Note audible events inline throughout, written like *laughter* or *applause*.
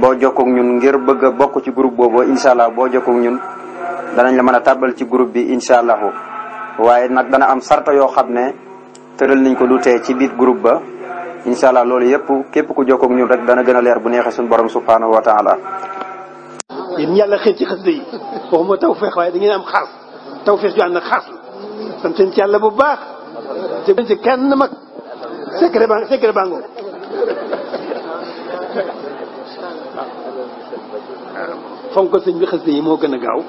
boo jokkook ñun ngir bëgg bokk ci groupe boobu incha allah boo jokkook ñun danañ la man a tàbbal ci group bi incha allahu waaye nag dana am sarta yoo xam ne tëral nañ ko lu tee ci biir groupe ba incha loolu yëpp képp ku jokkook ñun rek dana gën a leer bu neexee suñu borom subhanahu wa taala yéen yàlla xëy ci xasida yi waxuma tawfeex waaye da am xaas tawfeex ju ànd ak xaas la ci yàlla bu baax jëmñ ci fonk sëñ bi xasida yi moo gën a gaaw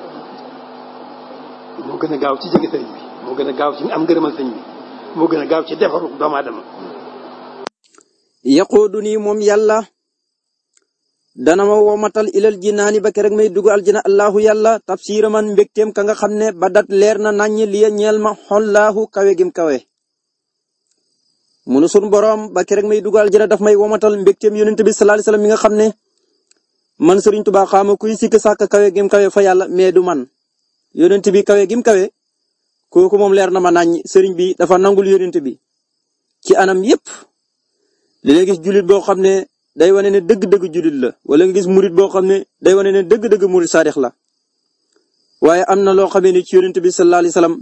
moo gën a gaaw ci jege sëriñ bi moo gën a gaaw ci am ngërëmal sëñ bi a gaaw ci defaru doomu nii moom yàlla dana ma womatal ilal jinaani ba kerek may dugg aljina allahu yàlla tabsiira man ka nga xam ne ba dat leer na naññ liya ñeel ma xollaahu kawe gim kawe munu sun boroom ba kerek may dugg aljina daf may womatal mbégteem yonent bi sallallahu alayhi wasallam nga xam ne man Serigne Touba xaama kuy sikk sàkk kawe gim kawe fa yàlla mais du man yonent bi kawe gim kawe kooku moom leer na ma nañ Serigne bi dafa nangul yonent bi ci anam yépp léegi gis jullit boo xam ne day wane ne dëgg-dëgg jullit la wala nga gis murit boo xam ne day wane ne dëgg-dëgg murit saadix la waaye am na loo xamee ne ci yonent bi sallallahu alayhi wasallam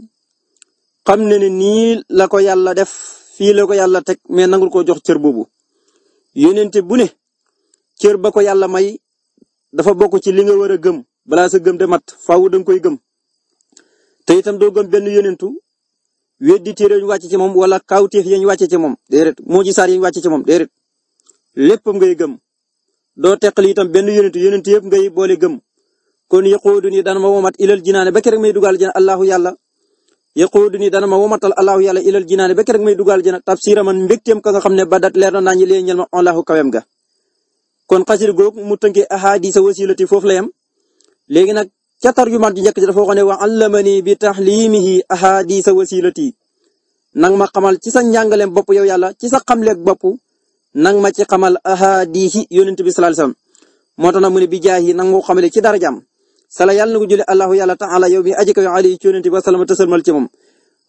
xam ne ne nii la ko yàlla def fii la ko yàlla teg mais nangul ko jox cër boobu yonent bu ne cër ba ko yàlla may dafa bokk ci li nga war a gëm balaa sa gëm de mat faaw da koy gëm te itam doo gëm benn yonentu weddi téere ñu wàcc ci moom wala kawteef yañ wàcc ci moom déedéet moo ci saar yañ wàcc ci moom déedéet lépp ngay gëm doo teqali itam benn yonentu yonentu yëpp ngay boole gëm kon yaqoodu ni dana ma womat ilal jinaane ba kerek may dugal jana allahu yàlla yaqoodu ni dana ma womatal allahu yàlla ilal jinaane ba kerek may dugal jana tafsira man mbégteem ka nga xam ne ba dat leer na naa ñi ma allahu kawem ga kon xasida googu mu tënkee ahadisa wasilati foofu la yem léegi nag ca wa allamani bi taxlimihi ahadisa wasilati nang ma xamal ci sa njàngaleem bopp yow yàlla ci sa xamleeg bopp nang ma ci xamal ahadisi yonent bi sallallahu alayhi wasallam moo tax nag mu ne bi jaahi nang moo xamale ci darajaam sala yàlla na ko julli allahu yàlla taala yow mi aji kaw ali ci yonent bi wasalaama tësalmal ci moom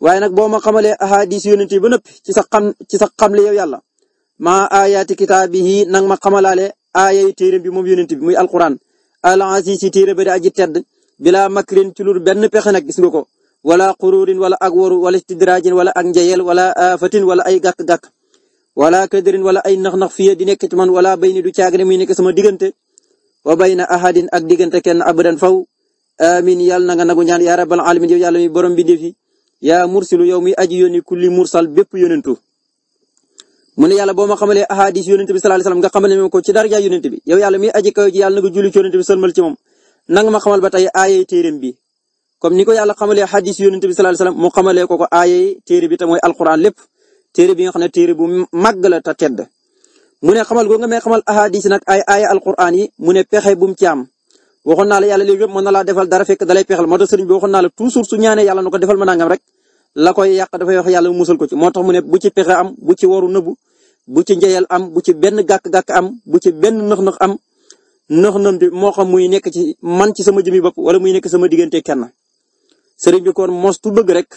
waaye nag boo ma xamalee ahadis yonent bi ba nëpp ci sa xam ci sa xamle yow yàlla maa ayaati kitaabihi aayay téere bi moom yonent bi muy alquran al aziz si téere ba di aji tedd bilaa makrin ci lul benn pexe nag gis nga ko wala xururin wala ak waru wala istidraajin wala ak njeyel wala afatin wala ay gàkk-gàkk wala kadrin wala ay nax-nax fiye di nekk ci man wala bayni du caagre muy nekk sama diggante wa bayna ahadin ak diggante kenn abadan faw amin yàlla na nga nagu ñaan yaa rabbal alamin yow yàlla borom bi defi yaa mursilu yow mi aji yónni kulli mursal bépp yónentu mu ne yàlla boo ma xamalee ahadis yonent bi sallallahu xamale ma ko ci daraja yonent bi yow yàlla mi aji kaw ji yàlla na ko julli ni ko yàlla xamalee hadis yonent bi sallallahu alayhi wasallam mu xamalee ko ko aayay téere bi te mooy alquran lépp téere bi nga xam ne téere bu la te tedd mu ne xamal goo nga may xamal ahadis nag ay alquran yi mu ne pexe bu mu ci am waxoon naa la defal dara fekk dalay pexal moo tax bi waxoon naa la toujours su ñaanee yàlla na ko defal ma nangam rek la koy yàq dafay wax yàlla musal ko ci moo tax mu ne bu ci pexe am bu ci waru nëbbu bu ci njëyal am bu ci benn gàkk-gàkk am bu ci benn nëx-nëx am nëx-nëx bi moo xam muy nekk ci man ci sama jëmi bopp wala muy nekk sama diggante kenn. sëriñ bi kon mostu bëgg rek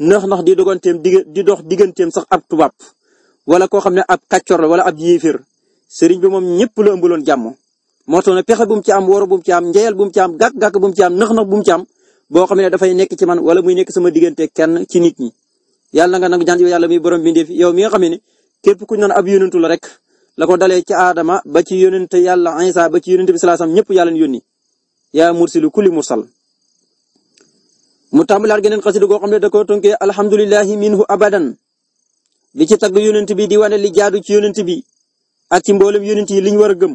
nëx-nëx di doganteem di dox digganteem sax ab tubaab wala koo xam ne ab kàccor wala ab yéeféer sëriñ bi moom ñëpp la ëmbaloon jàmm moo tax ne pexe bu mu ci am waru bu mu ci am njëyal bu mu ci am gàkk-gàkk bu ci am nëx-nëx bu mu ci am boo xam ne dafay nekk ci man wala muy nekk sama diggante kenn ci nit ñi yàlla nga nag ñaan yow yàlla muy borom bindéef yow mi nga xam ne képp ku ñu naan ab yónentu la rek la ko dalee ci aadama ba ci yónente yàlla Isa ba ci yónente bi salaasam ñëpp yàlla ñu yónni yaa mursilu kulli mursal mu tàmbalaat geneen xasida goo xam ne da koo tënkee alhamdulilahi minhu abadan bi ci tagg yonent bi di wane li jaadu ci yonent bi ak ci mboolem yonent yi liñ war a gëm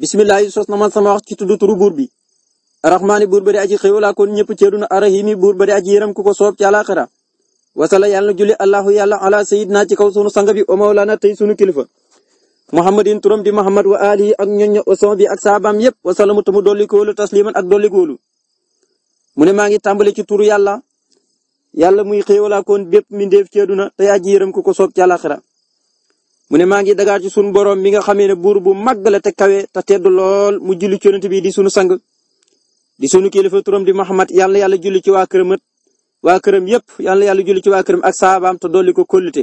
bisimilah sos na man sama wax ci tudd turu buur bi arrahmaani buur ba di aji xéewalaa kon ñëpp ci àdduna arrahimi buur ba di aji yërëm ku ko soob ci àlaaxira wasala yàlla na julli allahu yàlla ala sayidna ci kaw sunu sang bi o mawlana tey sunu kilifa muhammadin turam di muhammad wa alihi ak ñoño oson bi ak saabaam yépp wasalamu tamu dolli koolu tasliman ak dolli koolu mu ne maa ngi tàmbali ci turu yàlla yàlla muy xéewalaa kon bépp mbindeef ci àdduna tey aji yërëm ko soob ci àlaaxira mu ne maa ngi dagaar ci sunu borom mi nga xamee ne buur bu màgg la te kawe te lool mu julli ci yonent bi di sunu sang di sunu kilifa turam di Muhammad yàlla yàlla julli ci waa këram waa këram yëpp yàlla yàlla julli ci waa këram ak saabaam te dolli ko kóllute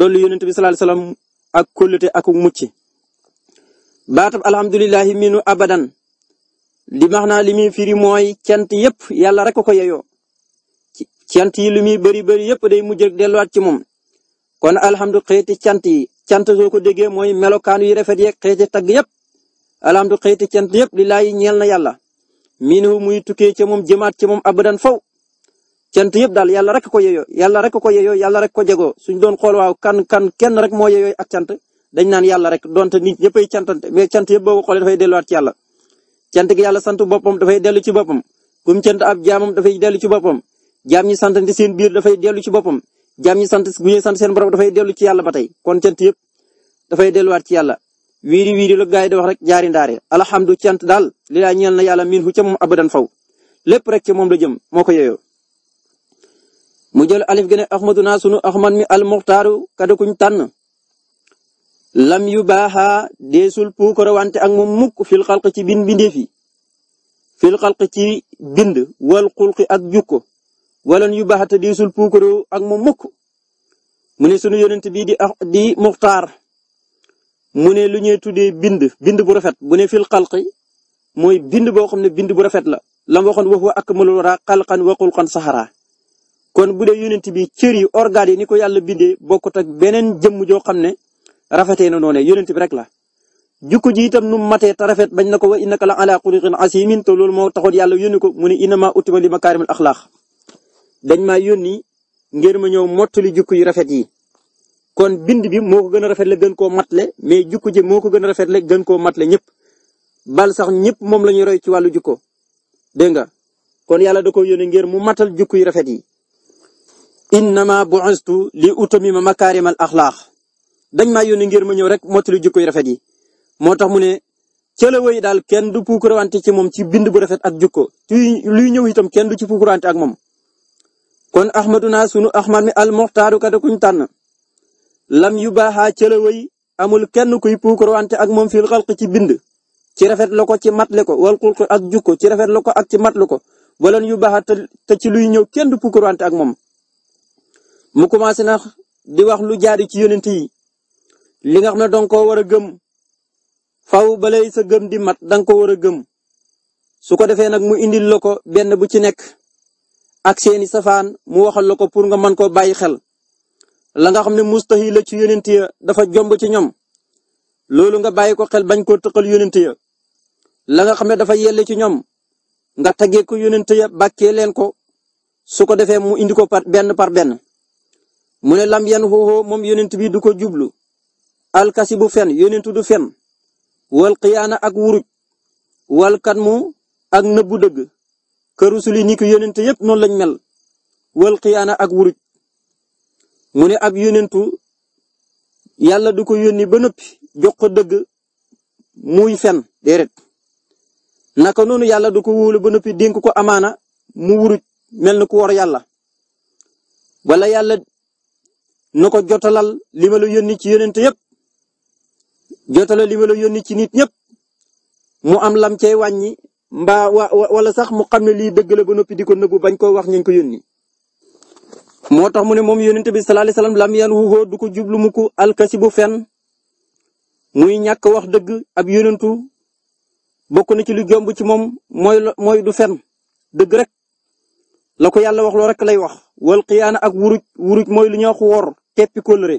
dolli yonent bi sallallahu alayhi ak kóllute ak mucc baatab alhamdulillahi minu abadan di max naa li muy firi mooy cant yëpp yàlla rek ko ko yeyoo cant yi lu muy bëri bëri yëpp day mujj rek delluwaat ci moom kon alhamdu xeeti cant yi cant soo ko déggee mooy melokaanu yi rafet yeeg xeeti tagg yëpp alhamdu xeeti cant yëpp li laay ñeel na yàlla minhu muy tukkee ca moom jëmaat ca moom abadan faw cant yëpp daal yàlla rek ko yeyoo yàlla rek ko yeyoo yàlla rek ko jegoo suñ doon xool waaw kan kan kenn rek moo yeyoo ak cant dañ naan yàlla rek donte nit ñëppay cantante mais cant yëpp boo ko xoolee dafay delluwaat ci yàlla. cant gi yàlla sant boppam dafay dellu ci boppam kum cant ab jaamam dafay dellu ci boppam jaam ñi santante seen biir dafay dellu ci boppam jaam ñi sant bu ñuy sant seen borom dafay dellu ci yàlla ba tey kon cant yëpp dafay delluwaat ci yàlla wiiri wiiri la gaay yi di wax rek jaari ndaare alhamdu cant daal li laa ñeel na yàlla min hu ca moom abadan faw lépp rek ca moom la jëm moo ko yeyoo mu jël alif gën a ahmadu naa sunu ahmad mi al muxtaaru kada kuñ tànn lam yu baaxa desul puukara wante ak moom mukk fil xalq ci bind bindee fi fil ci bind wal xulqi ak jukko walan yu baaxa te deesul puukara ak moom mukk mu ne sunu yonent bii di ah, di muxtaar mu ne lu ñuy tuddee bind bind bu rafet bu ne fil xalqi mooy bind boo xam ne bind bu rafet la la ma waxoon waxu ak malul ra xalqan wa xulqan saxara kon bu dee yonent bi cër yi organes yi ni ko yàlla bindee bokkut ak beneen jëmm joo xam ne rafetee na noonu yonent bi rek la. jukko ji itam nu matee ta rafet bañ na ko wa innaka la ala xuluqin asimin te loolu moo taxoon yàlla yónni ko mu ne innama utima li makaarimil axlaax dañ maa yónni ngir ma ñëw mottali jukko yu rafet yi. kon bind bi moo ko gën a rafetle gën koo matle mais jukko ji moo ko gën a rafetle gën koo matle ñëpp bal sax ñëpp moom la ñuy roy ci wàllu jukko dégg nga kon yàlla da ko yónnee ngir mu matal jukko yu rafet yi innama bu'istu li utamima makaarimal axlaax dañ maa yónnee ngir ma ñëw rek mottali jukko yu rafet yi moo tax mu ne cëlawa yi daal kenn du puukarawante ci moom ci bind bu rafet ak jukko ti lu ñëw itam kenn du ci puukarawante ak moom kon ahmaduna sunu ahmad mi al tànn lam yu baaxaa cëlaway amul kenn kuy wante ak moom fil xalq ci bind ci rafet la ko ci matle ko wal xulq ak jukko ci rafet la ko ak ci matlu ko walan yu baaxaa te ci luy ñëw kenn du puukarwante ak moom mu commencé na di wax lu jaadu ci yonent yi li nga xam ne danga ko war a gëm faw balay sa gëm di mat danga ko war a gëm su ko defee nag mu indil la ko benn bu ci nekk ak seeni safaan mu waxal la ko pour nga mën koo bàyyi xel la nga xam ne mustahil la ci yonent dafa jomb ci ñoom loolu nga bàyyi ko xel bañ koo tëqal yonent ya la nga xam ne dafa yelle ci ñoom nga taggee ko yonent ya leen ko su ko defee mu indi ko par benn par benn mu ne lam yan xooxoo moom yonent bi du ko jublu alkasi bu fen yonent du fen wal xiyaana ak wuruj wal kat mu ak nëbbu dëgg këru suli ni ko yonent yëpp noonu lañ mel wal xiyaana ak wuruj mu ne ab yónentu yàlla du ko yónni ba noppi jox ko dëgg muy fen déedéet naka noonu yàlla du ko wóolu ba noppi dénk ko amaana mu wuruj mel na ku war yàlla wala yàlla na ko jotalal li ma la yónni ci yónent yëpp jotalal li ma la yónni ci nit ñëpp mu am lam cey wàññi mbaa wala sax mu xam ne lii dëgg la ba noppi di ko nëbbu bañ koo wax ñu ko yónni moo tax mu ne moom yonent bi sallallahu alayhi wasallam lam yan wuhoo du ko jublu mu ko alkasibu fen muy ñàkk wax dëgg ab yonentu bokk na ci lu jomb ci moom mooy mooy du fen dëgg rek la yàlla wax loo rek lay wax wal xiyaana ak wuruj wuruj mooy lu ñuy wax wor teppi kóllëre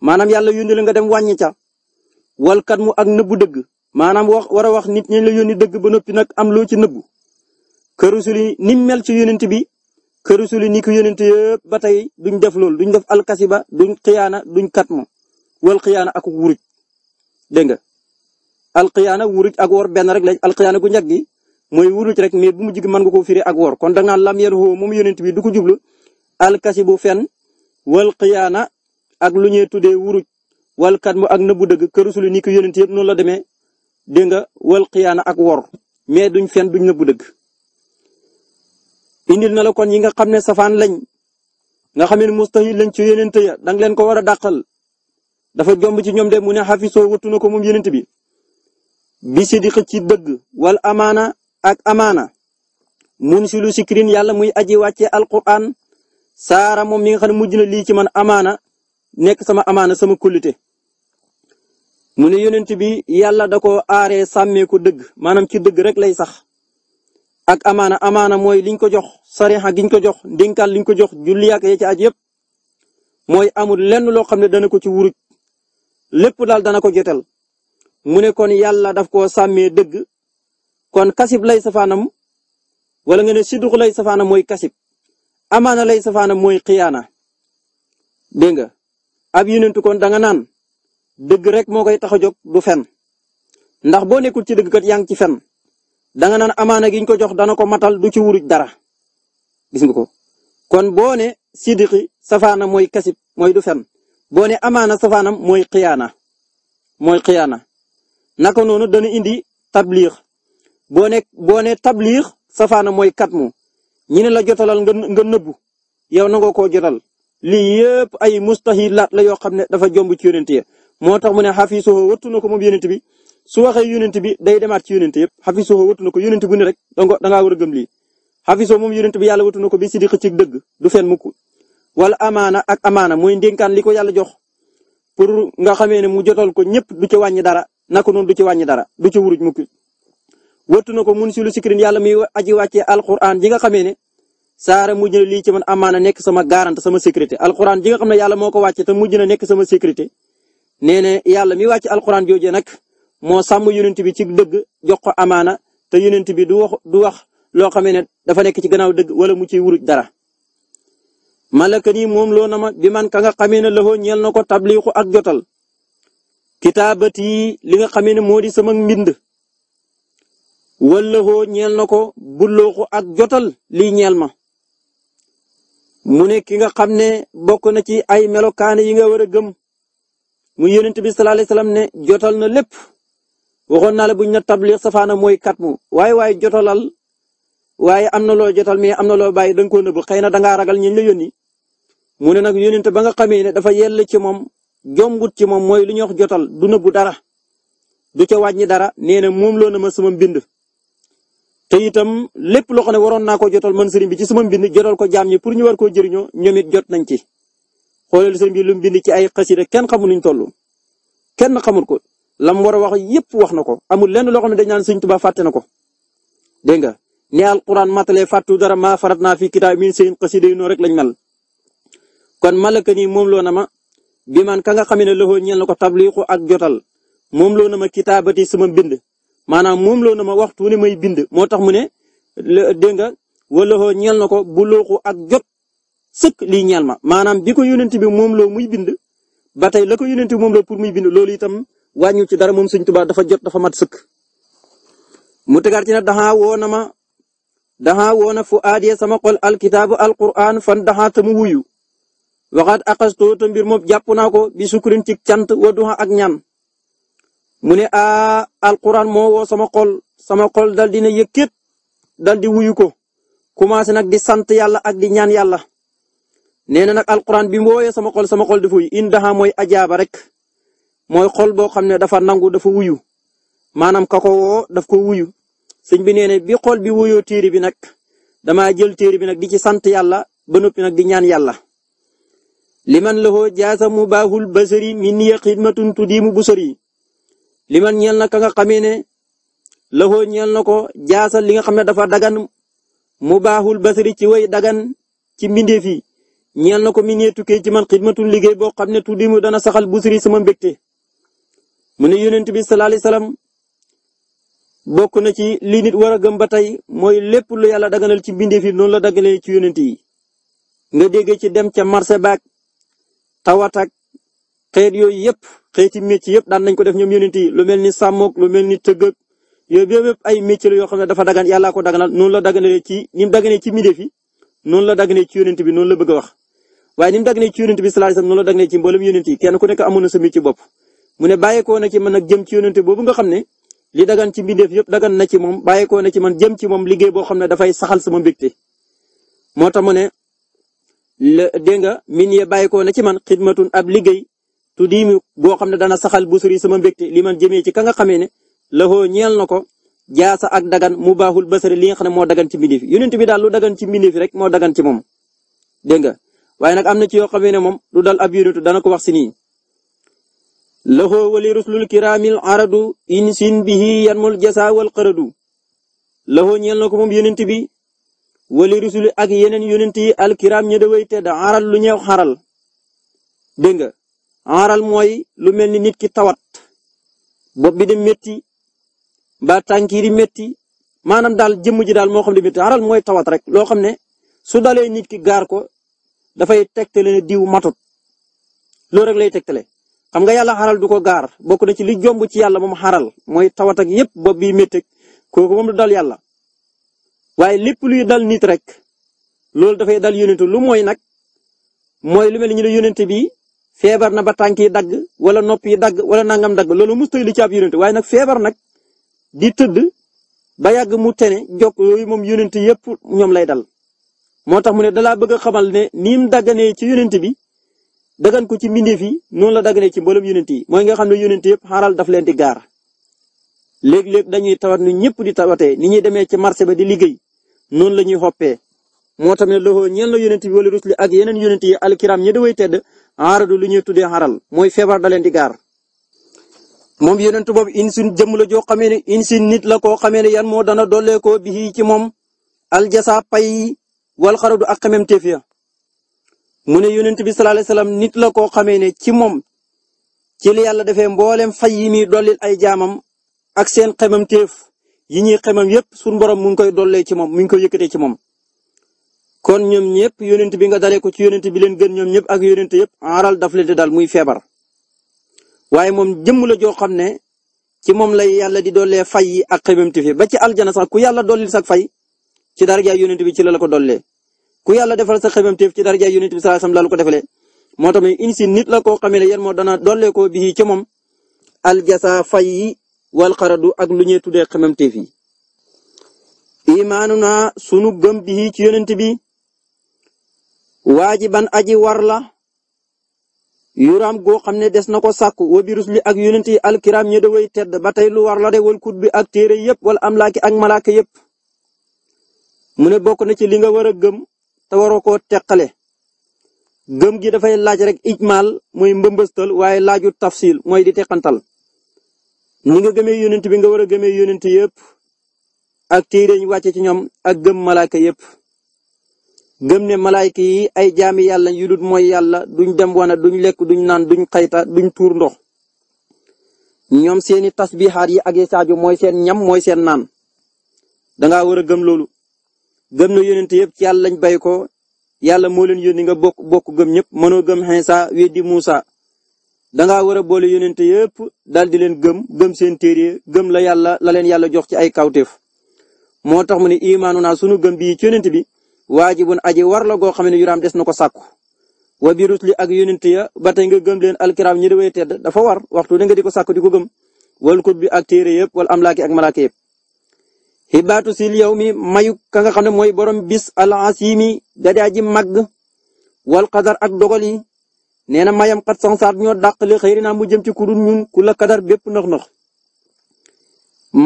maanaam yàlla yónni la nga dem wàññi ca wal kat mu ak nëbbu dëgg maanaam wax war a wax nit ñi la yónni dëgg ba noppi nag am loo ci nëbbu kër rusuli ni mel ci yonent bi kër rasuli ni ko yonent yëpp ba tey duñ def loolu ñu def alkasiba duñ xiyaana duñ katmu wal xiyaana ak wuruj dégg nga alxiyaana wuruj ak wor benn rek lañ alxiyaana gu ñag gi mooy wuruj rek mais bu mu jig mën nga ko firi ak wor kon da nga lam yen xoo moom yonent bi du ko jublu alkasibu fen wal xiyaana ak lu ñe tuddee wuruj wal katmu ak bu dëgg kër rasuli ni ko yonent yëpp noonu la demee dégg nga wal xiyaana ak wor mais duñ fen duñ bu dëgg. indil na la kon yi nga xam ne safaan lañ nga xam ne mustahil lañ ci yonent ya da nga leen ko war a dàqal dafa jomb ci ñoom de mu ne xafisoo wattu na ko moom yonent bi bi sidiq ci dëgg wal amaana ak amaana mun si lu sikrin yàlla muy aji wàcce alquran saara moom mi nga xam ne mujj na lii ci man amaana nekk sama amaana sama kullite mu ne yonent bi yàlla da ko aaree sàmmee ko dëgg maanaam ci dëgg rek lay sax ak amaana amaana mooy li liñ ko jox gi giñ ko jox li liñ ko jox julli ak ya ci aj yëpp mooy amul lenn loo xam ne dana ko ci wuruj lépp daal dana ko jotal mu ne kon yàlla daf koo sàmmee dëgg kon kasib lay safaanam wala nga ne sidduq lay safaanam mooy kasib amaana lay safaanam mooy xiyaana dégg nga ab yonentu kon danga naan dëgg rek moo koy tax a jóg du fen ndax boo nekkul ci dëgg kat yaa ngi ci fen danga naan amaana giñ ko jox dana ko matal du ci wuruj dara gis nga ko kon boo ne sidiki safaana mooy kasib mooy du fen boo ne amaana safaanam mooy xiyaana mooy xiyaana naka noonu dana indi tabliix boo ne boo ne tabliix safaana mooy katmu ñi ne la jotalal nga nga nëbbu yow nangoo koo jotal lii yëpp ay mustahilaat la yoo xam ne dafa jomb ci yonent moo tax mu ne xafiisuhu wattu na ko moom yonent bi su waxee yonent bi day demat ci yonent yëpp xafisoo wëtu na ko yonent bu ne rek danga dangaa war a gëm lii xafisoo moom yonent bi yàlla wëtu na ko bi sidiq ci dëgg du fen mukk wala amaana ak amana mooy ndénkaan li ko yàlla jox pour nga xamee ne mu jotal ko ñëpp du ci wàññi dara naka noonu du ci wàññi dara du ci wuruj mukk wëtu na ko mun si lu sikrin yàlla muy aji wàccee alquran ji nga xamee ne saara mujj na lii ci man amaana nekk sama garante sama sécurité alquran ji nga xam ne yàlla moo ko wàcce te mujj na nekk sama sécurité nee na yàlla mi wàcce alquran jooje nag moo sàmm yonent bi ci dëgg jox ko amaana te yonent bi du wax du wax loo xamee ne dafa nekk ci gannaaw dëgg wala mu ciy wuruj dara. malaka nii moom loo na ma bi man ka nga xamee na loxo ñeel na ko tabliixu ak jotal. kitaabat yi li nga xamee ne moo di sama mbind. wala xoo ñeel na ko bullooxu ak jotal li ñeel ma. mu ne ki nga xam ne bokk na ci ay melokaane yi nga war a gëm. mu yonent bi sallallahu alayhi ne jotal na lépp waxoon naa la buñ na tabliq safaana mooy kat mu waaye waaye jotalal waaye am na loo jotal mais am na loo bàyyi da nga koo nëbb xëy na da ngaa ragal ñi la yónni mu ne nag te ba nga xamee ne dafa yell ci moom jombut ci moom mooy lu ñuy wax jotal du nëbbu dara du ca wàññi dara nee na moom loo na ma sama mbind. te itam lépp loo xam ne waroon naa ko jotal man sëriñ bi ci sama mbind jotal ko jaam ñi pour ñu war koo jëriñoo ñoom jot nañ ci. xoolal sëriñ bi lu mu bind ci ay xasida kenn xamul nuñ toll kenn xamul ko la mu war a wax yëpp wax na ko amul lenn loo xam ne dañ naan sëñ Tuubaa na ko dégg nga ne alquran matale fàttu dara maa farat naa fi kitaab min seen xasida yi noonu rek lañ mel kon malaka nii moom loo na ma bi man ka nga xamee ne loxo ñeel na ko tabliixu ak jotal moom loo na ma kitaabati sama mbind maanaam moom loo na ma waxtu ne may bind moo tax mu ne dégg nga wala loxo ñeel na ko bu looxu ak jot sëkk lii ñeel ma maanaam bi ko yónent bi moom loo muy bind ba tey la ko yónent bi moom loo pour muy bind loolu itam wàññu ci dara moom sëñ Tuubaa dafa jot dafa mat sëkk mu tegaat ci ne daxaa woo na ma daxaa woo na fu aadee sama xol alkitaabu alquran fan daxaa te mu wuyu waxaat aqastoo te mbir moom jàpp naa ko bi sukkurin ci sant wa ak ñaan mu ne a alquran moo woo sama xol sama xol dal dina yëkkat dal di wuyu ko commencé nag di sant yàlla ak di ñaan yàlla nee na nag alquran bi mu wooyee sama xol sama xol dafa wuyu in daxaa mooy ajaaba rek mooy xol boo xam ne dafa nangu dafa wuyu maanaam kako woo daf ko wuyu sëñ bi nee ne bi xol bi wuyoo téere bi nag dama jël téere bi nag di ci sant yàlla ba noppi nag di ñaan yàlla liman lahoo jaasa mu baaxul basari min niya xidmatun yi li man ñeel na ka nga xamee ne lahoo ñeel na ko jaasa li nga xam ne dafa dagan mu baaxul basari ci way dagan ci mbindeef yi ñeel na ko mi nee tukkee ci man xidmatun liggéey boo xam ne tuddiimu dana saxal busari sama mbégte mu ne yonent bi sallallahu alayhi wasallam bokk na ci li nit war a gëm ba tey mooy lépp lu yàlla daganal ci mbindeef yi noonu la dagalee ci yonent yi nga déggee ci dem ca marché baak tawat ak xeet yooyu yëpp xeeti métier yëpp daan lu mel ni sàmmook lu mel ni tëggëk yooyu yëpp ay métier la xam dafa dagan yàllaa ko daganal noonu la dagalee ci ni mu ci mbindeef yi noonu la daganee ci yonent bi noonu la bëgg wax waaye ni mu daganee ci yonent bi sallallahu alayhi wasallam la daganee ci mboolem yonent yi kenn ku nekk amoon na sa métier bopp mu ne bàyyeekoo na ci man nag jëm ci yónnante boobu nga xam ne li dagan ci mbindeef yëpp dagan na ci moom bàyyeekoo na ci man jëm ci moom liggéey boo xam ne dafay saxal sama mbégte moo tax mu ne la nga min ye bàyyeekoo ci man xidmatun ab liggéey tu diimi boo xam ne dana saxal bu suri sama mbégte li man jëmee ci ka nga xamee ne laxoo ñeel na ko jaasa ak dagan mu baaxul basari li nga xam ne moo dagan ci mbindeef yónnante bi daal lu dagan ci mbindeef rek moo dagan ci moom dégg nga waaye nag am na ci yoo xamee ne moom du dal ab yónnante dana ko wax si nii laxoo wali rusulul kiraamil aradu in sin bihi yanmul jasa wal karadu laxoo ñeel na ko moom yonent bi wali rusuli ak yeneen yonent yi alkiraam ña daway tedd aral lu ñëw xaral dégg nga aral mooy lu mel ni nit ki tawat bopp bi di métti ba tànk di métti maanaam daal jëmm ji daal moo xam ne aral mooy tawat rek loo xam ne su dalee nit ki gaar ko dafay tegtale diw matut loolu rek lay tegtale xam nga yàlla xaral du ko gaar bokk na ci li jomb ci yàlla moom xaral mooy tawat ak yépp bopp bi métteeg kooku moom du dal yàlla waaye lépp luy dal nit rek loolu dafay dal yónent lu mooy nag mooy lu mel ni ñu ne yónent bi feebar na ba tànk dagg wala nopp yi dagg wala nangam dagg loolu mustay li ci ab yónent waaye nag feebar nag di tëdd ba yàgg mu tene jokk yooyu moom yónent yépp ñoom lay dal moo tax mu ne dalaa bëgg a xamal ne ni dagganee ci yónent bi dagan ko ci mbindeef yi noonu la dagane ci mboolem yonent yi mooy nga xam ne yonent yëpp xaaral daf leen di gaar léeg-léeg dañuy tawat nu ñëpp di tawatee ni ñuy demee ci marché ba di liggéey noonu la ñuy xoppee moo tam ne loxo ñeen la yonent bi wala rusli ak yeneen yonent yi alkiram ñi da way tedd aaradu lu ñuy tuddee xaral mooy feebar da leen di gaar moom yonent boobu insin jëmm la joo xamee ne insin nit la koo xamee ne yan moo dana dolee koo bi ci moom aljasa pay wal xaradu ak xamemteef ya mu ne yonent bi sallallahu alayhi wasallam nit la koo xamee ne ci moom ci li yàlla defee mboolem fay yi muy dollil ay jaamam ak seen xemamteef yi ñuy xemam yépp suñu borom mu ngi koy dollee ci moom mu ngi koy yëkkatee ci moom. kon ñoom ñëpp yonent bi nga daree ko ci yonent bi leen gën ñoom ñëpp ak yonent yëpp aaral daf leen di daal muy feebar waaye moom jëmm la joo xam ne ci moom lay yàlla di dollee fay yi ak xemamteef yi ba ci aljana sax ku yàlla dollil sax fay ci daraja yonent bi ci la la ko dollee. ku yàlla defal sa xememteef ci daraja yonent bi sallallahu alayhi wasallam ko defalee moo tax insi nit la ko xamee ne yan moo dana dollee koo bii ci moom aljasa fay yi wal xaradu ak lu ñuy tuddee xememteef yi. imaanu naa sunu gëm bii ci yonent bi waajiban aji war la yuram goo xam ne des na ko sàkku wa bi rusli ak yonent yi alkiram ñi da way tedd ba tey lu war la de wal kut bi ak téere yëpp wala amlaaki ak malaaka yépp mu bokk na ci li nga gëm. te waroo koo teqale gëm gi dafay laaj rek ijmaal mooy mbëmbëstal waaye laaju tafsil mooy di teqantal ni nga gëme yonent bi nga war a gëmee yonent yëpp ak téere ñu wàcce ci ñoom ak gëm malaaka yëpp gëm ne malaayka yi ay jaami yàlla yu dul mooy yàlla duñ dem wana duñ lekk duñ naan duñ xayta duñ tuur ndox ñoom seeni tasbihaat yi ak yi saaju mooy seen ñam mooy seen naan danga war a gëm loolu gëm na yonent yëpp ci yàlla lañ bay ko yàlla moo leen yónni nga bokk bokk gëm ñëpp mënoo gëm Iisaa weddi Muusaa dangaa war a boole yonent yëpp daal di leen gëm gëm seen téere gëm la yàlla la leen yàlla jox ci ay kawteef moo tax mu ne imaanu naa sunu gëm bii ci yonent bi waajibun aji war la goo xam ne yuraam des na ko sàkku wa bi li ak yonent ya ba tey nga gëm leen alkiraam ñi di way tedd dafa war waxtu da nga di ko sàkku di ko gëm wal kut bi ak téere yëpp wala amlaaki ak malaaka yëpp xibaatu sil yow mi mayu ka nga xam ne mooy borom bis al asimi dadaa ji màgg wal qadar ak dogal yi nee na mayam xat sansaat ñoo dàqali xëyri naa mu jëm ci kudul ñun ku la qadar bépp nax-nax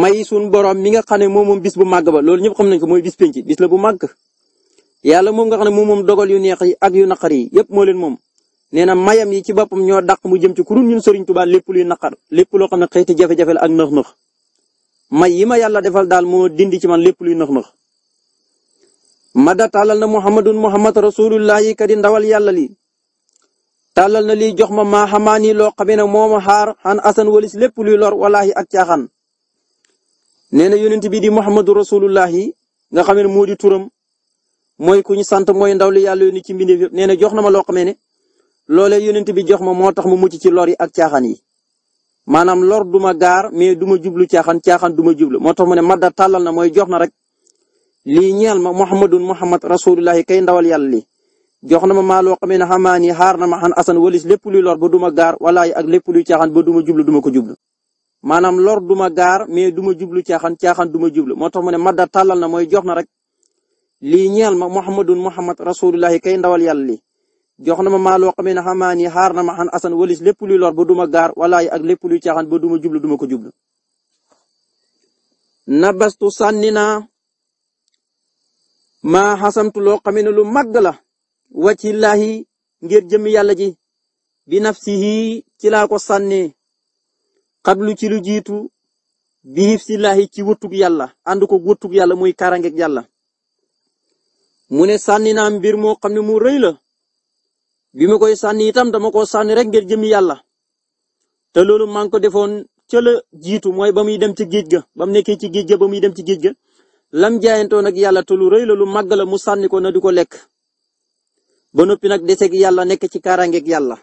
may sun borom mi nga xam ne moom moom bis bu màgg ba loolu ñëpp xam na ko mooy bis penc bis la bu màgg yàlla moom nga xam ne moom moom dogal yu neex ak yu naqar yi yëpp moo leen moom nee na mayam yi ci boppam ñoo dàq mu jëm ci kudul ñun Sëriñ Tuubaa lépp luy naqar lépp loo xam ne xëyti jafe-jafe la ak nax may yi ma yàlla defal daal moo dindi ci man lépp luy nëx-nëx mada tàllal na muhammadun muhammad rasulullahi kadi ndawal yàlla li tàllal na lii jox ma maa xamaa ni loo xamee ne moo ma xaar walis lépp luy lor walaahi ak caaxaan nee na yonent bi di muhammadu rasulullahi nga xamee ne moo di turam mooy ku ñu sant mooy ndaw li yàlla yónni ci mbindeef yëpp nee na jox na ma loo xamee ne loolee yonent bi jox ma moo tax mu mucc ci lor yi ak caaxaan yi maanaam lor du ma gaar mais duma jublu caaxaan caaxaan du ma jublu moo tax mu ne madda tàllal na mooy jox na rek lii ñeel ma muhammadun muhammad rasulullahi kay ndawal yàlla li jox na ma maa loo xamee ne xamaa ni xaar na ma xan asan walis lépp luy lor ba duma ma gaar walaay ak lépp luy caaxaan ba du ma jublu duma ko jublu maanaam lor du gaar mais du ma jublu caaxaan caaxaan du ma jublu moo tax mu ne madda tàllal na mooy jox na rek lii ñeel ma muhammadun muhammad rasulullahi kay ndawal yàlla li jox na ma maa loo xamee ne xamaa xaar na ma xan asan walis lépp lu lor ba duma gaar walaay ak lépp lu caaxaan ba duma jublu duma ko jublu nabastu sànni naa maa xasamtu loo xamee lu màgg la wacillaahi ngir jëmmi yàlla ji bi nafsihi ci laa ko sànnee xablu ci lu jiitu bi hifsillaahi ci wëttug yàlla ànd ko wëttug yàlla muy karangeeg yàlla mu ne sànni naa mbir moo xam ne mu rëy la bi ma koy sànni itam dama ko sànni rek ngir jëmi yàlla te loolu maa ngi ko defoon ca la jiitu mooy ba muy dem ci géej ga ba mu ci géej ga ba muy dem ci géej ga lam jaayantoon ak yàlla te lu rëy la lu màgg la mu sànni ko na du ko lekk ba noppi nag deseeg yàlla nekk ci kaaraangeeg yàlla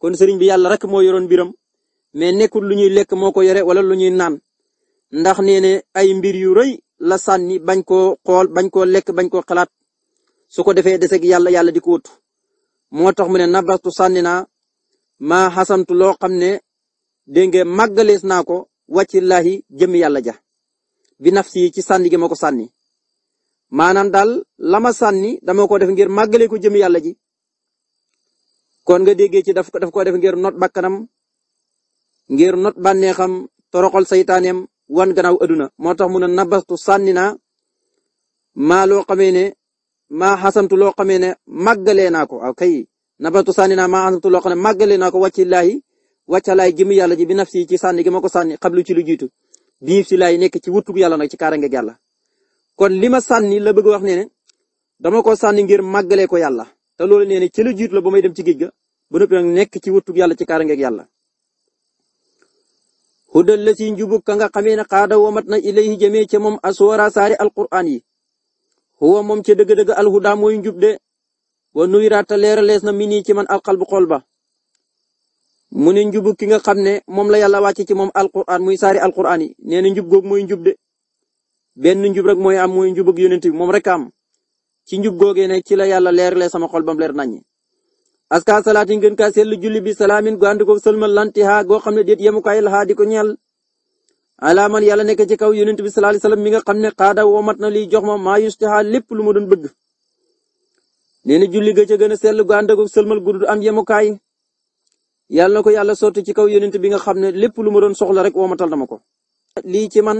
kon sëriñ bi yàlla rek moo yoroon mbiram mais nekkul lu ñuy lekk moo ko yore wala lu ñuy naan ndax nee ay mbir yu rëy la sànni bañ koo xool bañ koo lekk bañ koo xalaat su ko defee deseeg yàlla yàlla di ko moo tax mu ne nabrastu sànni naa maa xasantu loo xam ne dégg nga màggalees naa ko wàcci laahi jëm yàlla ja bi nafsi ci sànni gi ma ko sànni maanaam daal la sànni dama ko def ngir màggale ko jëm yàlla ji kon nga déggee ci daf ko daf ko def ngir not bakkanam ngir not bànneexam toroxal saytaaneem wan ganaw adduna moo tax mu ne nabastu sànni na maa loo xamee maa xasamtu loo xamee ne màggalee naa ko aw kay nabatu sànni naa maa xasamtu loo xam ne màggalee naa ko wàcci laahi wàccalaay gi yàlla ji bi nafsi ci sànni gi ma ko sànni xablu ci lu jiitu bii si laay nekk ci wutug yàlla nag ci kaarangeeg yàlla kon li ma sànni la bëgg wax ne ne dama ko sànni ngir màggalee ko yàlla te loolu ne ci lu jiitu la ba may dem ci géej ga ba noppi nag nekk ci wutug yàlla ci kaarangeeg yàlla hudal la si njubug ka nga xamee ne xaada womat na ilayhi jëmee ca moom aswara saari alquran huwa moom ca dëgg-dëgg alhuda mooy njub de wa nuyraata leeralees na mi nii ci man alxal bu xol ba mu ne njubu ki nga xam ne moom la yàlla wàcc ci moom alquran muy saari alquran yi nee na njub googu mooy njub de benn njub rek mooy am mooy njub ak yonent bi moom rek am ci njub googee ne ci la yàlla leerlee sama xol bam leer naññi aska salaatin gën kaa seetlu julli bi salaamin gu ànd ko sëlmal lantiha goo ne déet yemukaay laxaa di ko ñeel ala man yàlla nekk ci kaw yonent bi sallallahu alayhi wasallam nga xam ne xaada womat na liy jox ma maa yustaha lépp lu ma doon bëgg. nee na julli ga ca gën a seetlu gu ànd ak sëlmal gudd am yemukaay yàlla na ko yàlla sotti ci kaw yonent bi nga xam ne lépp lu ma doon soxla rek womatal na ma ko. lii ci man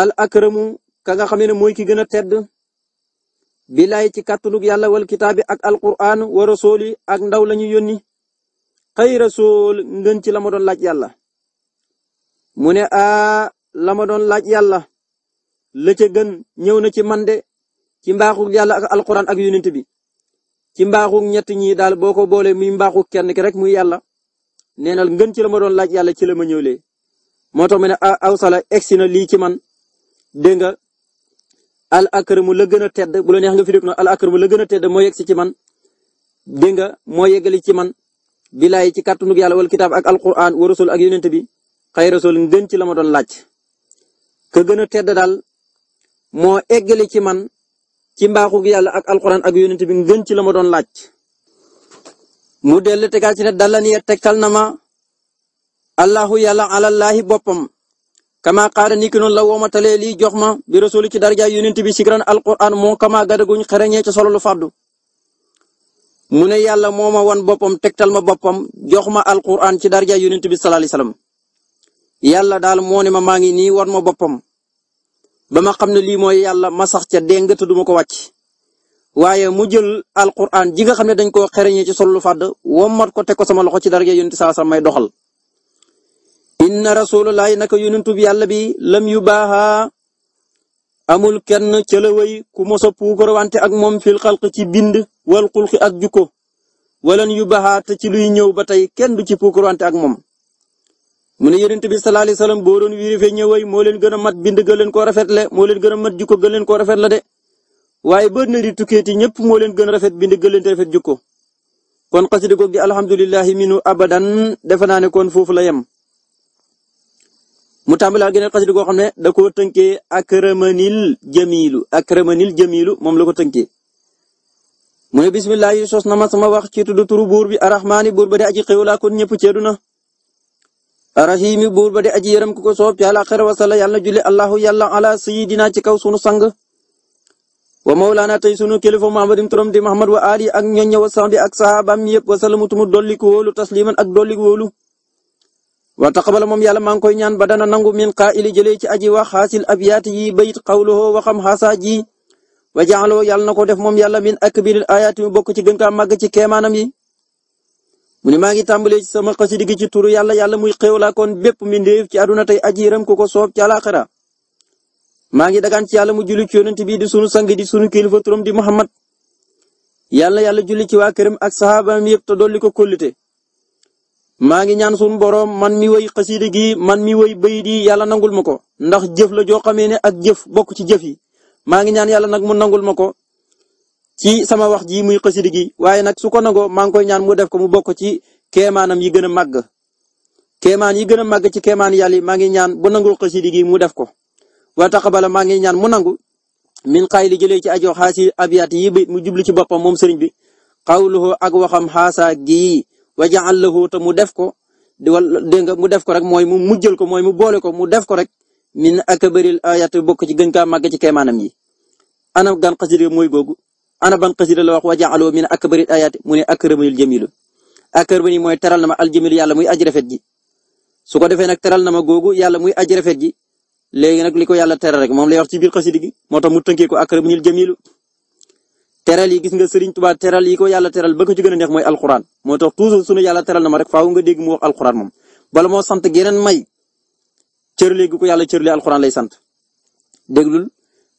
al akramu ka nga xamee ne mooy ki gën a tedd bilaay ci kàttanug yàlla wal kitaabi ak alquran wa rasuli ak ndaw la ñu yónni xëy rasul ngën ci la ma doon laaj yàlla. mu ne a la doon laaj yàlla la ca gën ñëw na ci man de ci mbaaxu yàlla ak alquran ak yonent bi ci mbaaxu ñett ñi daal boo ko boolee muy mbaaxu kenn ki rek muy yàlla nee na ngën ci la ma doon laaj yàlla ci la ma ñëwlee moo tax mu ne aw sala egsi na lii ci man dégg nga al akramu la gën a tedd bu la neex nga fi dégg na al akramu la gën a tedd moo yegsi ci man dégg nga moo yeggali ci man bilaay ci kàttanug yàlla wal kitaab ak alquran wara rasul ak yonent bi xay rasul ngën ci la ma doon laaj ka gën a tedd daal moo eggale ci man ci mbaaxu yàlla ak alxuraan ak yonent bi ngën ci la ma doon laaj mu dellu tegaat ci ne dalani tegtal na ma allahu yàlla alallahi boppam kama qaara niki noonu la wooma talee lii jox ma bi rasul ci daraja yonent bi sikran alxuraan moo kama gadaguñ xereñee ci solo lu fàddu mu ne yàlla moo ma wan boppam tegtal ma boppam jox ma al alxuraan ci daraja yonent bi sallallahu alayhi yàlla daal moo ma maa ngi nii wan ma boppam ba ma xam ne lii mooy yàlla ma sax ca dégg te du ma ko wàcc waaye mu jël alquran ji nga xam ne dañ ko xereñee ci sol fàdd wommat ko teg ko sama loxo ci darge yonent saa sa may doxal. inna rasulullahi naka yonent bi yàlla bi lam yu baaxa amul kenn cëlaway ku mos a wante ak moom fil xalq ci bind wal xulqi ak jukko walan yu baaxa te ci luy ñëw ba tey kenn du ci wante ak moom. mu ne yonent bi sallallahu alayhi wasallam boo doon wiiri fee ñëway moo leen gën mat bind gën leen koo rafetle moo leen gën a mat jukko gën leen koo rafet la de waaye bët na di tukkeeti ñëpp moo leen gën a rafet bind gën leen rafet jukko kon xasida goog di alhamdulillahi minu abadan defe naa ne kon foofu la yem mu tàmbalaal geneen xasida goo xam ne da koo tënkee akramanil jamilu akramanil jamilu moom la ko tënkee mu ne bismillahi sos na ma sama wax ci tudd turu buur bi arrahmaani buur ba di aji xéwlaa kon ñëpp ceedu na rahimi buur ba di aji yërëm ku ko soob ci àllaaxira wa sala yàlla na julli allahu yàlla ala sayidina ci kaw sunu sang wa mawlaana tey sunu kilifa muhammadin turam di muhammad wa ali ak ñoñña wa sahbi ak sahaabam yëpp wa salamu tumu dolli ko wóolu tasliman ak dolli ko wóolu wa taqabala moom yàlla maa ngi koy ñaan ba dana nangu min qaa'ili jëlee ci aji wax xaasil abyaat yi bayit qawluhu waxam xaasaa ji wa jaaloo yàlla na ko def moom yàlla min akbiril ayaati mu bokk ci gën kaa màgg ci keemaanam yi mu ne maa ngi tàmbalee ci sama xasida gi ci turu yàlla yàlla muy xéewlaa kon bépp mbindeef ci àdduna tey aji yërëm ku ko soob ci àlaaxira maa ngi dagaan ci yàlla mu julli ci yonent bi di sunu sang di sunu kilifa turam di Muhammad yàlla yàlla julli ci waa këram ak saxaabaam yëpp te dolli ko kóllite maa ngi ñaan sunu boroom man mi woy xasida gi man mi woy bayit yi yàlla nangul ma ko ndax jëf la joo xamee ne ak jëf bokk ci jëf yi maa ngi ñaan yàlla nag mu nangul ma ko ci sama wax ji muy xasida gi waaye nag su ko nangoo maa ngi koy ñaan mu def ko mu bokk ci keemaanam yi gën a màgg keemaan yi gën a màgg ci keemaan yàlla yi maa ngi ñaan bu nangul xasida gi mu def ko wa bala maa ngi ñaan mu nangu min xaay li jëlee ci ajo xaasi abiyaat yi mu jublu ci boppam moom sëriñ bi xawluhu ak waxam xaasa gii wa jaal lahu te mu def ko wala dégg nga mu def ko rek mooy mu mujjal ko mooy mu boole ko mu def ko rek min akbaril ayat bokk ci gën kaa màgg ci keemaanam yi anam gan xasida mooy googu ana ban xasida la wax wa ja'aloo min akbaril ayaati mu ne akramani jamilu akramani mooy teral na ma aljamilu yàlla muy aji rafet ji su ko defee nag teral na ma googu yàlla muy aji rafet ji léegi nag li ko yàlla teral rek moom lay ci biir xasida moo tax mu tënkee ko akramani jamilu teral yi gis nga Serigne Touba teral yi ko yàlla teral ba ko ci a neex mooy alxuraan moo tax toujours sunu yàlla teral na ma rek faaw nga dégg mu wax alxuraan moom bala moo sant geneen may cërlee gu ko yàlla cërlee alxuraan lay sant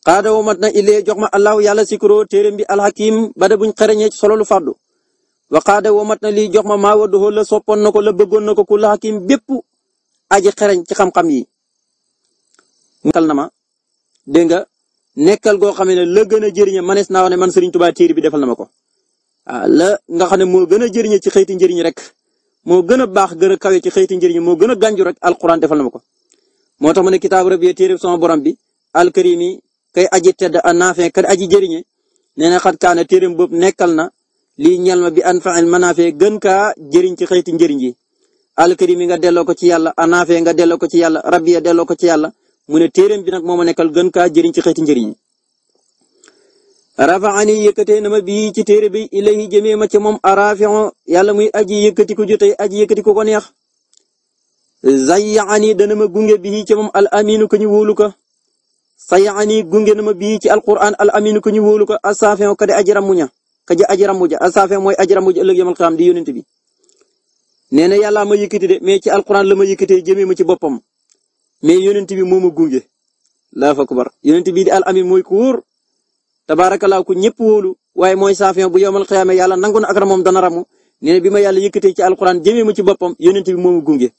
xaada woo mat na illee jox ma allahu yàlla sikuroo téeréem bi alxakim bada buñ xarañee ci solo lu fàddu wa xaada woo mat na lii jox ma maa wadduhoo la soppoon na ko la bëggoon na ko ku la xakim bépp aji xereñ ci xam-xam yi. nekkal na ma dégg nga nekkal goo xam ne la gën a jëriñe manees na wax ne man Serigne Touba téere bi defal na ma ko a ah, la nga xam ne moo gën a jëriñe ci xëyti njëriñ rek moo gën a baax gën a kawe ci xëyti njëriñ moo gën a gànju rek alquran defal na ma ko moo tax kay aji tedd a naafee aji jëriñe nee na xat kaana téeram boobu nekkal na lii ñal ma bi an fail manaafe gën kaa jëriñ ci xeeti njëriñ yi alkarim yi nga delloo ko ci yàlla anaafe nga delloo ci yàlla rabbi ya ci yàlla mu ne téeram bi nag moo ma nekkal gën kaa jëriñ ci xeeti njëriñ yi rafaani yëkkatee na ci téere bi ilayhi jëmee ma ci moom arafion yàlla muy aji yëkkati ko jotee aji yëkkati ko ko neex zayyaani dana ma gunge bii ci moom al aminu ko ñu wóolu sa yaani gunge na ma bii ci alquran al amin ko ñu wóolu ko asafin ko de aji ramuña ka ja aji mooy aji ramuja ëllëg yamal xiyaam di yónent bi nee na yàlla ma yëkkati de mais ci alquran la ma yëkkatee jëmee ma ci boppam mais yónent bi moo ma gunge laa fa kubar yónent bii di al amin mooy ku wóor tabaarakallaa ku ñëpp wóolu waaye mooy saafin bu yowmal xiyaame yàlla nangu na ak ramoom dana ramu nee na bi ma yàlla yëkkatee ci alquran jëmee ma ci boppam yónent bi moo ma gunge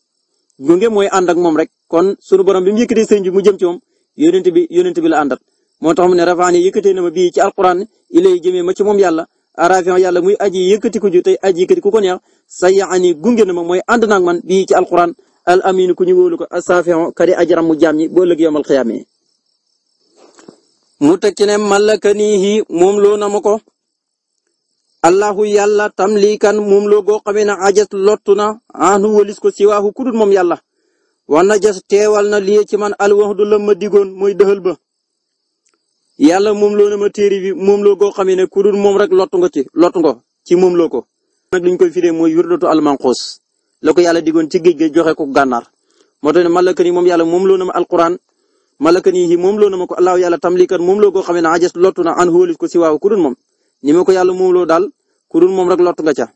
gunge mooy ànd ak moom rek kon sunu borom bi mu yëkkatee sëñ bi mu jëm ci moom yonent bi yonent bi la àndat moo tax mu ne rafaani yëkkatee na ma bii ci alquran ilay jëmee ma ci moom yàlla arafian yàlla muy aji yëkkati ko ju tey aji yëkkati ku ko neex sa yaani gunge na ma mooy ànd naag man bii ci alquran al amin ku ñu wóolu ko asafian kadi aji ramu jaam ñi boo ëllëg yomal xiyaamee mu tekki ne malakanihi moom loo na ma ko allahu yàlla tamlikan moom loo goo xamee ne ajat lottu na anu walis ko siwaahu moom yàlla war na jas teewal na lii ci man alwaxdu la ma digoon mooy dëxal ba yàlla moom loo na ma téere bi moom loo goo xam ne ku moom rek lottu nga ci lottu nga ci moom loo ko. nag li ñu koy firee mooy wirdatu almanqus la ko yàlla digoon ci géej géej joxe ko gànnaar moo tax ne malaka ni moom yàlla moom loo na ma alquran malaka ni moom loo ma ko allahu yàlla tamlikan moom loo goo xam ne ajas lottu na an xoolis ko si waaw ku dul moom ni ma ko yàlla moom loo daal ku moom rek lottu nga ca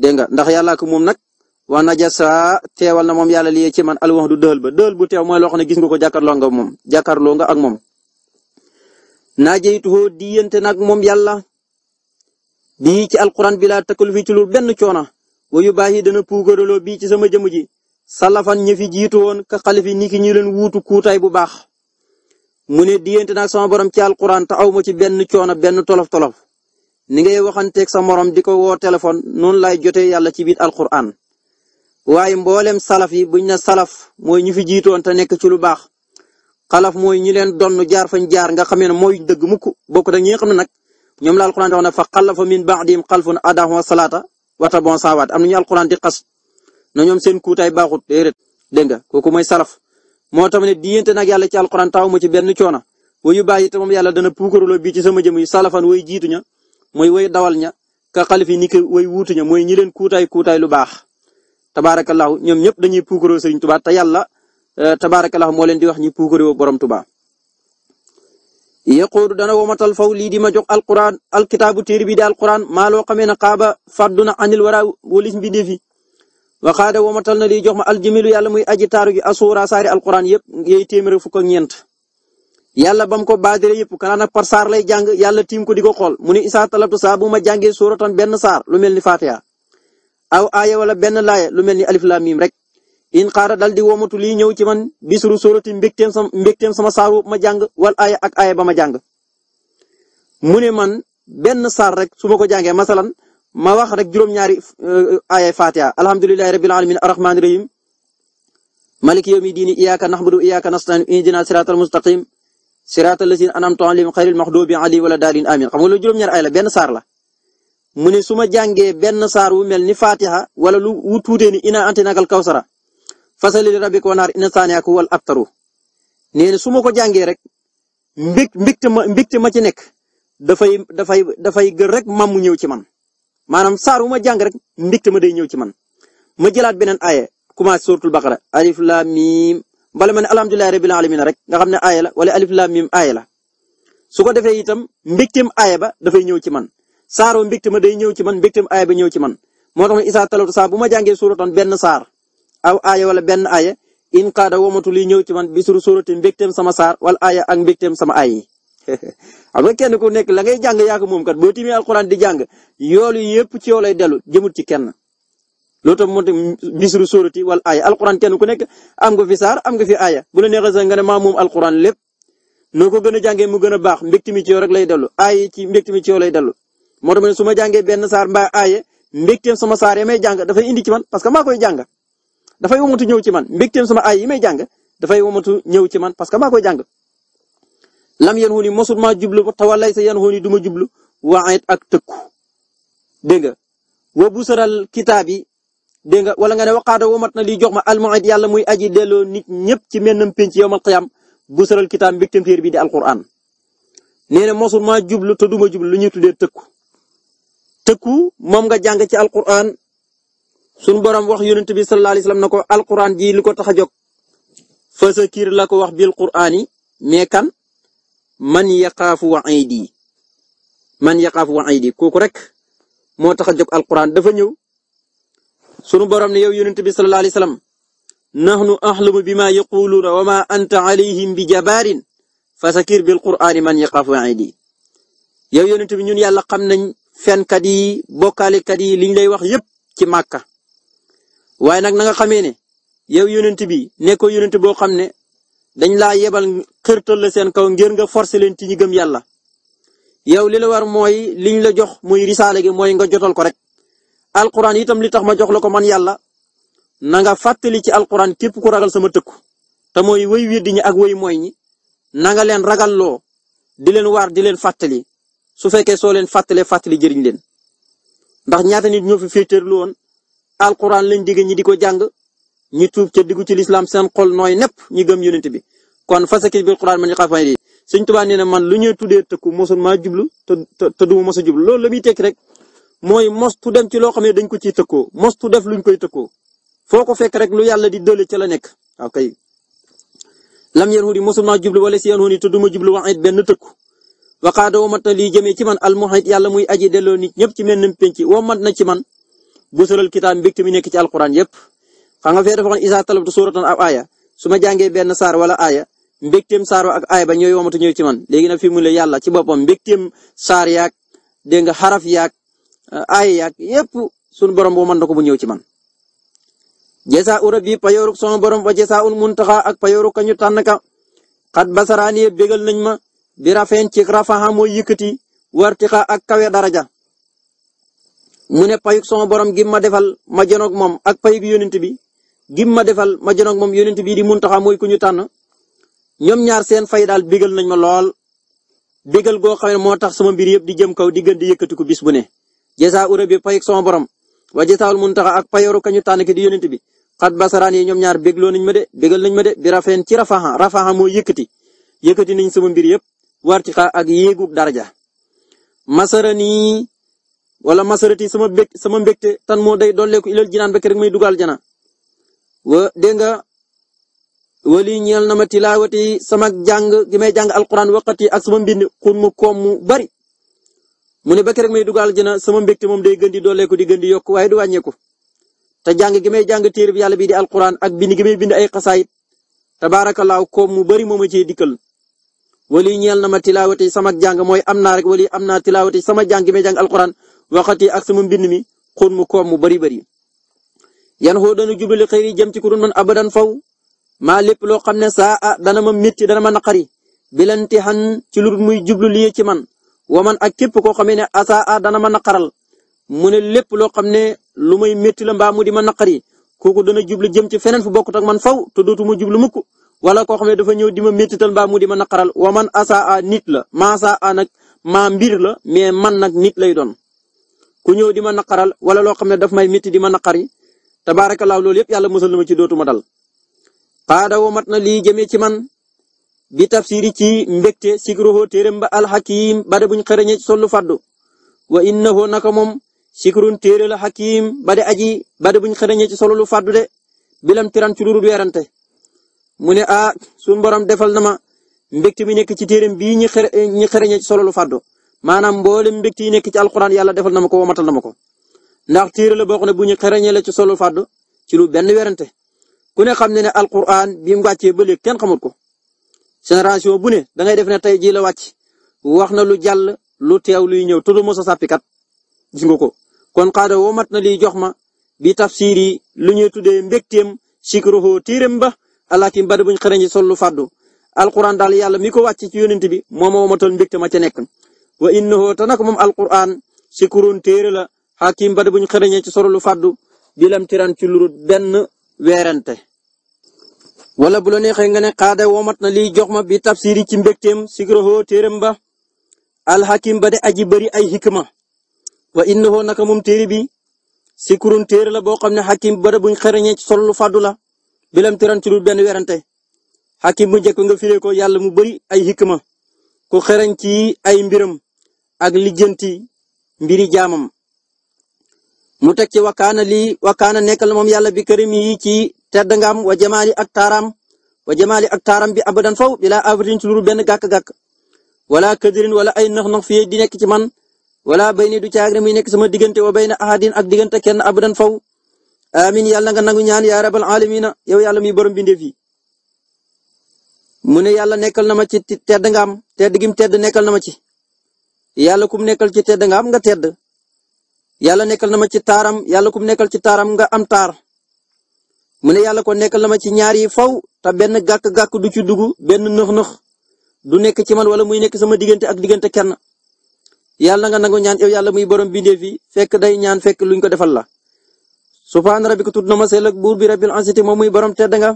dégg nga ndax yàllaa ko moom nag wa najasa teewal na moom yàlla lii ci man al wax du dëhël ba dëhël bu teew mooy loo xam ne gis nga ko jàkkaarloo nga moom jàkkaarloo nga ak moom naajeytuhoo diyante nag moom yàlla bii ci alquran bi laa takkal fii ci benn coona wa yu baax yi dana puugaraloo bii ci sama jëmm ji salafan ñi fi jiitu woon ka xalif yi ni ki ñu leen wuutu kuutaay bu baax mu ne diyante nag sama borom ci alquran te aw ma ci benn coona benn tolof tolof ni ngay waxanteeg sa morom di ko woo téléphone noonu lay jotee yàlla ci biir alquran waaye mboolem salaf yi buñ na salaf mooy ñu fi jiitoon te nekk ci lu baax xalaf mooy ñi leen donn jaar fañ jaar nga xamee ne mooy dëgg mukk bokk da ñi nga xam ne nag ñoom la alquran wax ne fa xalafa min ba'dihim xalfun adaa'u salaata wa tabba'u sawaat am na ñu alquran di xas na ñoom seen kuutaay baaxut déedéet dégg nga kooku mooy salaf moo tax ne diggante nag yàlla ci alquran taw ma ci benn coono way yu bàyyi te moom yàlla dana puukaruloo bii ci sama jëm yi salafan way jiitu ña mooy woy dawal ña ka xalif yi ni ko way wuutu ña mooy ñi leen kuutaay kuutaay lu baax tabaarakallaahu ñoom ñëpp da puukaroo sëriñ Tuubaa te yàlla eh, tabaarakallaahu moo leen di wax ñi puukaroo borom Tuubaa yaquudu dana womatal faw lii di ma jox alquran alkitaabu téere bi di alquran maa loo xamee ne xaaba fàddu na anil wara walis bi defi waxaada womatal na lii jox ma aljamilu yàlla muy aji taaru gi asuura saari alquran yëpp yey téeméer fukk ak ñeent yàlla bam ko baadire yëpp kanaan nag par saar lay jàng yàlla tiim ko di ko xool mu ne isaa talabtu saa bu ma jàngee benn saar aw aaya wala benn laaya lu mel ni alif laam rek in xaara dal di womatu lii ñëw ci man bisru soroti mbégteem sama mbégteem sama saar ma jàng wal aaya ak aaya ba ma jàng. mu ne man benn sar rek su ma ko jàngee masalan ma wax rek juróom-ñaari euh, aaya fatiha alhamdulillahi rabbil alamin arrahmanir rahim maliki yawmi diini iyyaka nahmadu wa iyyaka nasta'in ihdina siratal mustaqim siratal lazina an'amta alayhim ghayril maghdubi alayhim wala daalin amin xam nga juróom-ñaari aaya la benn saar la. mu ne su ma jàngee benn saar wu mel ni fatiha wala lu wu tuutee ni ina antinakal kawsara fasali li rabbika wanaar ina saaniyaku wal abtaru nee na su ma ko jàngee rek mbég mbégte ma mbégte ma ci nekk dafay dafay dafay gër rek mam mu ñëw ci man maanaam saar wu ma jàng rek mbégte ma day ñëw ci man ma jëlaat beneen aaya commencé suratul baqara alif lam mim bala ma ne alhamdulillahi rabbil alamin rek nga xam ne aaya la wala alif lam mim aaya la su ko defee itam mbégteem aaya ba dafay ñëw ci man saaro mbégte ma day ñëw ci man mbégte ma aaya ba ñëw ci man moo tax ma isaa talatu saa bu ma jàngee suuratan benn saar aw aaya wala benn aya in qaada womatu liy ñëw ci man bisuru suurati mbégteem sama saar wala aaya ak mbégteem sama aay yi *laughs* xam nga kenn ku nekk la ngay jàng yaa ko moom kat boo tiimee alxuraan di jàng yoolu yëpp ci yow lay dellu jëmut ci kenn loolu tam moo tax bisru sóorati wala aaya alxuraan kenn ku nekk am nga fi saar am nga fi aya bu la neexee sax nga ne maa moom alxuraan lépp noo ko gën a jàngee mu gën a baax mbégte mi ci yow rek lay dellu aay ci mbégte mi ci yow lay dellu moo tax ma ne su ma jàngee benn saar mbaa aaye mbégteem sama saar yi may jàng dafay indi ci man parce que maa koy jàng dafay womatu ñëw ci man mbégteem sama aay yi may jàng dafay womatu ñëw ci man parce que maa koy jàng. lam yan woon ni maa jublu ba tawalay sa yan woon ni du ma jublu waayet ak tëkku dégg nga wa busaral kitaab yi dégg nga wala nga ne waxaada womat na lii jox ma almuid yàlla muy aji delloo nit ñëpp ci mennam penc a qiyaam busaral kitaab mbégteem téer bi di alquran nee na mosul maa jublu te duma ma jublu lu ñuy tuddee tëkku tëkku moom nga jàng ci alquran sunu borom wax yonent bi sallallahu alayhi wasallam na ko alquran ji li ko tax a jóg fasakir la ko wax bil qurani mais kan man yaqaafu wa aydi man yaqaafu wa aydi kooku rek moo tax a jóg alquran dafa ñëw sunu borom ne yow yonent bi sallallahu alayhi wasallam nahnu ahlamu bima yaquluna wa ma anta alayhim bi jabaarin fasakir bil qurani man yaqaafu wa aydi yow yonent bi ñun yàlla xam nañ fenkat yi bokkaalekat yi liñ lay wax yëpp ci màkka waaye nag na xamee ne yow yonent bi nekkoo yonent boo xam ne dañ laa yebal xërtal la seen kaw ngir nga forcer leen ci ñi gëm yàlla yow li la war mooy liñ la jox muy risaale gi mooy nga jotal ko rek alquran itam li tax ma jox la ko man yàlla nanga nga fàttali ci alquran képp ku ragal sama tëkku te mooy way weddi ñi ak way mooy ñi nanga nga leen ragalloo di leen waar di leen fàttali su fekkee soo leen fàttalee fàttali jëriñ leen ndax ñaata nit ñoo fi féeteerlu woon alquran lañ digg ñi di ko jàng ñi tuub ca diggu ci lislaam seen xol nooy nepp ñi gëm yonent bi kon fasakir bil quran man xaafay di Sëñ Tuubaa nee na man lu ñuy tuddee tëkku mosul maa jublu te te du ma mos a jublu lool la muy tekki rek mooy mostu dem ci loo xam ne dañ ko ciy tëkkoo mostu def lu ñu koy tëkkoo foo ko fekk rek lu yàlla di dële ca la nekk ok lam yéen wu di mosul jublu wala s yéen wu du ma jublu wax benn tëkku waxaada womat na li jëmee ci man almuhit yàlla muy aji delloo nit ñëpp ci mel ni penc womat na ci man bu solal kitaab mbégte mi nekk ci alquran yëpp xam a fee dafa waxoon isa talabtu suuratan aw aaya su ma jàngee benn saar wala aaya mbégteem saar ak aaya ba ñooy womatu ñëw ci man léegi na fi mu ne yàlla ci boppam mbégteem saar yaag dégg nga xaraf yaag aaya yaag yëpp sunu borom womat na ko bu ñëw ci man. jeesa u rabbi payooruk sama borom wa jeesa ul muntaxa ak bi rafeen ci rafaxa mooy yëkkati wartixa ak kawe daraja mu ne payuk sama borom gim ma defal ma janoog moom ak payuk yonent bi gim ma defal ma janoog moom yonent bi di muntaxa mooy ku ñu tànn ñoom ñaar seen fay daal bégal nañ ma lool bégal goo xam ne moo tax sama mbir yëpp di jëm kaw di gën di yëkkatiku bis bu ne jesa ura bi payuk sama borom wa jesaawul muntaxa ak payoru kañu tànn ki di yonent bi xat basaraan yi ñoom ñaar bégloo nañ ma de bégal nañ ma de bi rafeen ci rafaxa rafaxa mooy yëkkati yëkkati nañ sama mbir yëpp wartiqa ak yéegug daraja masarani wala masarati sama bég sama mbégte tan moo day dolleeku ilal jinaan ba may dugal jana wa dégg nga wali ñeel na ma tilaawati sama jàng gi may jàng alquran waqati ak sama mbind kun mu koom mu bari mu ne may dugal jana sama mbégte moom day gën di dolleeku di gën di yokk waaye du wàññeeku te jàng gi may jàng téere bi yàlla bii di ak bind gi may bind ay xasaayit tabaarakallaahu koom mu bari moo ma cee dikkal wali ñeel na ma tilaawati sama jàng mooy am naa rek wali am naa tilaawati sama jàng mi jàng alquran waxati ak sama mbind mi xun mu koom mu bari bari yan xoo dana jublu li xëyri jëm ci ku doon man abadan faw maa lépp loo xam ne saa a dana ma métti dana ma naqari bilanti xan ci lu muy jublu lii ci man wa man ak képp koo xamee ne asaa a dana ma naqaral mu ne lépp loo xam ne lu may métti la mbaa mu di ma naqari kooku dana jublu jëm ci feneen fu bokk ak man faw te dootuma jublu mukk wala koo xam ne dafa ñëw di ma méttital mbaa mu di ma naqaral wa man asaa nit la maa saa nag maa mbir la mais man nag nit lay doon ku ñëw di ma naqaral wala loo xam ne daf may métti di ma naqari tabaarakallaahu loolu yëpp yàlla musal na ma ci dootuma dal. xaada womat na li jëmee ci man bi tafsiri ci mbégte sikruhu téeréem ba alxakim ba de buñ xereñee ci sollu faddu wa innahu naka moom sikrun téere la xakim ba de aji ba de buñ xereñee ci sollu faddu de bilam tiran ci weerante mu ne ah suñu borom defal na ma mbégte mi nekk ci téeram bii ñi xere ñi xereñe solo lu fado maanaam mboolem mbégte yi nekk ci alxuraan yàlla defal na ko womatal na ma ko ndax téere la boo xam ne bu ñu xereñee la ci solo lu fàddu ci lu benn werante ku ne xam ne ne alxuraan bi mu wàccee ba léegi kenn xamut ko génération bu ne da ngay def ne tey jii la wàcc wax na lu jàll lu teew luy ñëw tudd mos a sàppikat ko kon xaada womat na liy jox ma bi tafsir lu ñuy tuddee mbégteem sikruhu téeram ba alaakim bari buñ xëreñ ci sollu fàddu alquran daal yàlla mi ko wàcc ci yonent bi moo ma womatal mbégte ma ca nekk wa innahu te nag moom alquran si kuroon la xakim bari buñ xëreñee ci sollu fàddu bi lam tiran ci lurut benn wala bu la neexee nga ne xaade womat na jox ma bi tafsiri ci mbégteem sigrohoo téeram ba alxakim ba de aji bëri ay hikma wa innahu naka moom téere bi si la boo xam ne xakim bari buñ xëreñee ci sollu fàddu la bilam tiran ci lu benn werante xakim bu njëkk nga firee ko yàlla mu bari ay hikma ku xereñ ci ay mbiram ak lijjanti mbiri jaamam mu tek ci wakkaana lii wakkaana nekkal moom yàlla bi kërim yi ci tedd ngam wa jamaali ak taaram wa jamaali ak taaram bi abadan faw bila avrin ci lu benn gàkk-gàkk wala këdirin wala ay nax nax fii di nekk ci man wala bay ni du caagri mi nekk sama diggante wa bay na ahadin ak diggante kenn abadan faw amin yàlla nga nangu ñaan yaa rabal alamina yow yàlla muy borom bindéef yi mu ne yàlla nekkal na ma ci tedd nga am tedd gim tedd nekkal na ma ci yàlla kum nekkal ci tedd nga am nga tedd yàlla nekkal na ma ci taaram yàlla kum nekkal ci taaram nga am taar mu ne yàlla ko nekkal na ma ci ñaar faw te benn gàkk-gàkk du ci dugg benn nëx-nëx du nekk ci man wala muy nekk sama diggante ak diggante kenn yàlla nga nangu ñaan yow yàlla muy borom bindéef yi fekk day ñaan fekk luñ ko defal la subhaan rabbika tudd na ma sell ak buur bi rabbil ansati moom borom tedd nga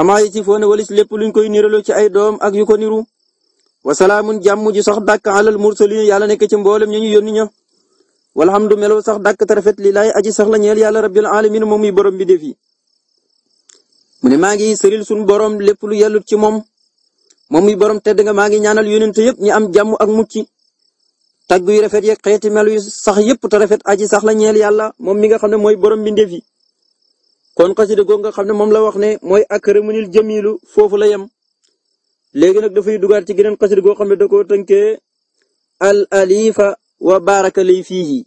amaa yi walis lépp luñ koy niraloo ci ay doom ak yu ko niru wasalaamun jàmm ji sax dàkk alal mursalin yàlla nekk ci mboolem ñu ñu yónni ña walhamdu melo sax dàkk te rafet li laay aji sax la ñeel yàlla rabbil alamin moom muy borom bi def yi mu ne maa ngi sëril suñu borom lépp lu yellut ci moom moom muy borom tedd nga maa ngi ñaanal yónent yëpp ñi am jàmm ak mucc tagg yu rafet yeeg xeeti melu yu sax yëpp te rafet aji sax la ñeel yàlla moom mi nga xam ne mooy borom mbindeef yi kon xasida googu nga xam ne moom la wax ne mooy akramunil jamilu foofu la yem léegi nag dafay dugaat ci geneen xasida goo xam ne da koo tënkee al alifa wa baraka lay fiihi